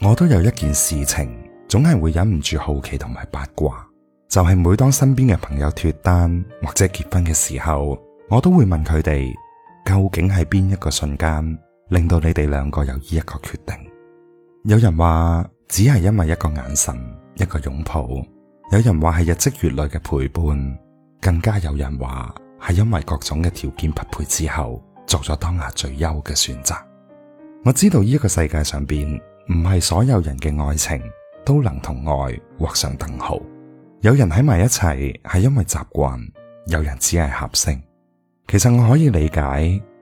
我都有一件事情，總係會忍唔住好奇同埋八卦，就係每當身邊嘅朋友脫單或者結婚嘅時候，我都會問佢哋究竟係邊一個瞬間令到你哋兩個有呢一個決定？有人話只係因為一個眼神、一個擁抱；有人話係日積月累嘅陪伴，更加有人話係因為各種嘅條件匹配之後，作咗當下最優嘅選擇。我知道呢一個世界上邊。唔係所有人嘅愛情都能同愛畫上等號，有人喺埋一齊係因為習慣，有人只係合適。其實我可以理解，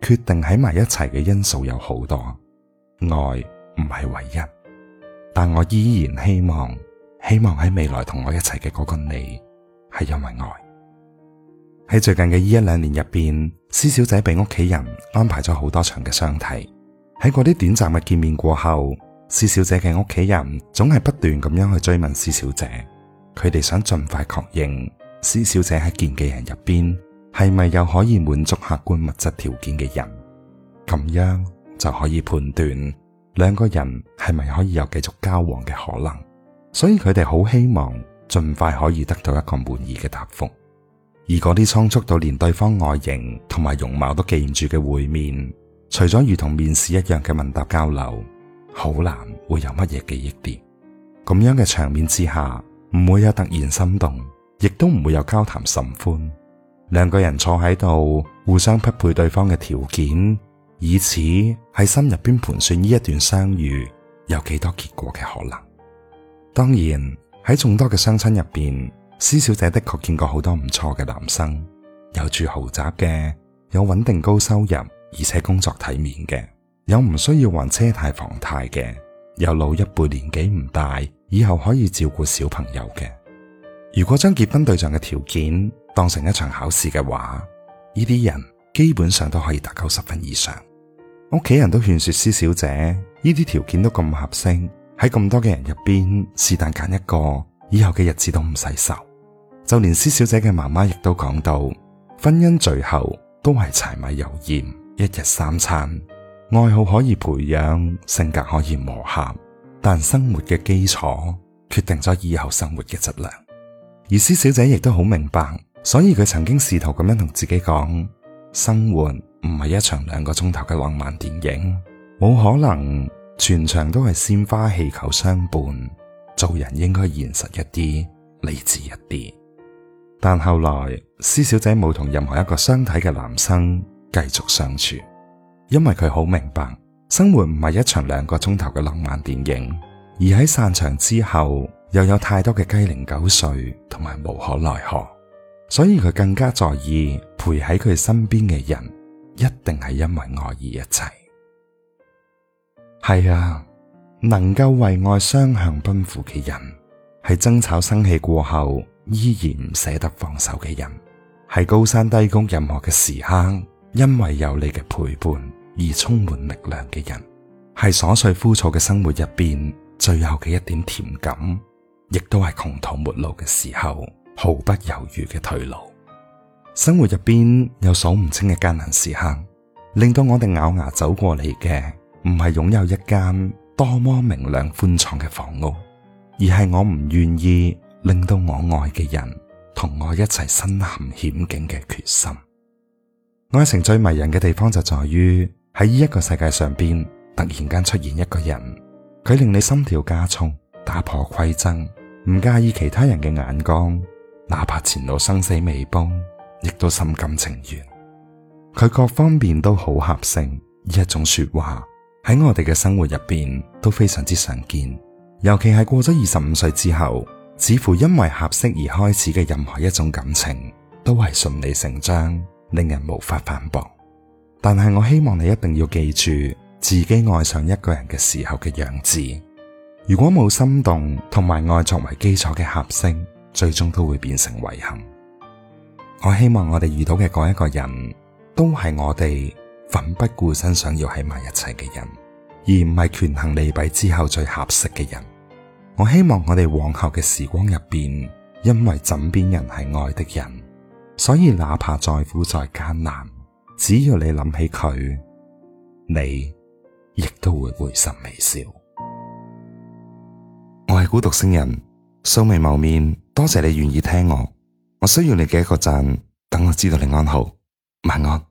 決定喺埋一齊嘅因素有好多，愛唔係唯一，但我依然希望，希望喺未來同我一齊嘅嗰個你係因為愛。喺最近嘅呢一,一兩年入邊，施小姐俾屋企人安排咗好多場嘅相睇。喺嗰啲短暫嘅見面過後。施小姐嘅屋企人總係不斷咁樣去追問施小姐，佢哋想盡快確認施小姐喺見嘅人入邊係咪有可以滿足客觀物質條件嘅人，咁樣就可以判斷兩個人係咪可以有繼續交往嘅可能。所以佢哋好希望盡快可以得到一個滿意嘅答覆。而嗰啲倉促到連對方外形同埋容貌都記唔住嘅會面，除咗如同面試一樣嘅問答交流。好難會有乜嘢記憶點，咁樣嘅場面之下，唔會有突然心動，亦都唔會有交談甚歡。兩個人坐喺度，互相匹配對方嘅條件，以此喺心入邊盤算呢一段相遇有幾多結果嘅可能。當然喺眾多嘅相親入邊，施小姐的確見過好多唔錯嘅男生，有住豪宅嘅，有穩定高收入而且工作體面嘅。有唔需要還車貸、房貸嘅，有老一輩年紀唔大，以後可以照顧小朋友嘅。如果將結婚對象嘅條件當成一場考試嘅話，呢啲人基本上都可以達到十分以上。屋企人都勸說施小姐，呢啲條件都咁合適，喺咁多嘅人入邊是但揀一個，以後嘅日子都唔使愁。就連施小姐嘅媽媽亦都講到，婚姻最後都係柴米油鹽，一日三餐。愛好可以培養，性格可以磨合，但生活嘅基礎決定咗以後生活嘅質量。而施小姐亦都好明白，所以佢曾經試圖咁樣同自己講：生活唔係一場兩個鐘頭嘅浪漫電影，冇可能全場都係鮮花氣球相伴。做人應該現實一啲，理智一啲。但後來，施小姐冇同任何一個相睇嘅男生繼續相處。因為佢好明白，生活唔係一場兩個鐘頭嘅浪漫電影，而喺散場之後又有太多嘅雞零狗碎同埋無可奈何，所以佢更加在意陪喺佢身邊嘅人一定係因為愛而一齊。係啊，能夠為愛雙向奔赴嘅人，係爭吵生氣過後依然唔捨得放手嘅人，係高山低谷任何嘅時刻，因為有你嘅陪伴。而充滿力量嘅人，係瑣碎枯燥嘅生活入邊最後嘅一點甜感，亦都係窮途末路嘅時候毫不猶豫嘅退路。生活入邊有數唔清嘅艱難時刻，令到我哋咬牙走過嚟嘅唔係擁有一間多麼明亮寬敞嘅房屋，而係我唔願意令到我愛嘅人同我一齊身陷險境嘅決心。愛情最迷人嘅地方就在於。喺呢一個世界上邊，突然間出現一個人，佢令你心跳加重，打破規則，唔介意其他人嘅眼光，哪怕前路生死未卜，亦都心甘情願。佢各方面都好合適，呢一種說話喺我哋嘅生活入邊都非常之常見，尤其係過咗二十五歲之後，似乎因為合適而開始嘅任何一種感情，都係順理成章，令人無法反駁。但係我希望你一定要記住自己愛上一個人嘅時候嘅樣子。如果冇心動同埋愛作為基礎嘅合聲，最終都會變成遺憾。我希望我哋遇到嘅嗰一個人，都係我哋奮不顧身想要喺埋一齊嘅人，而唔係權衡利弊之後最合適嘅人。我希望我哋往後嘅時光入邊，因為枕邊人係愛的人，所以哪怕再苦再艱難。只要你諗起佢，你亦都會會心微笑。我係孤獨星人，素未謀面，多謝你願意聽我。我需要你嘅一個讚，等我知道你安好。晚安。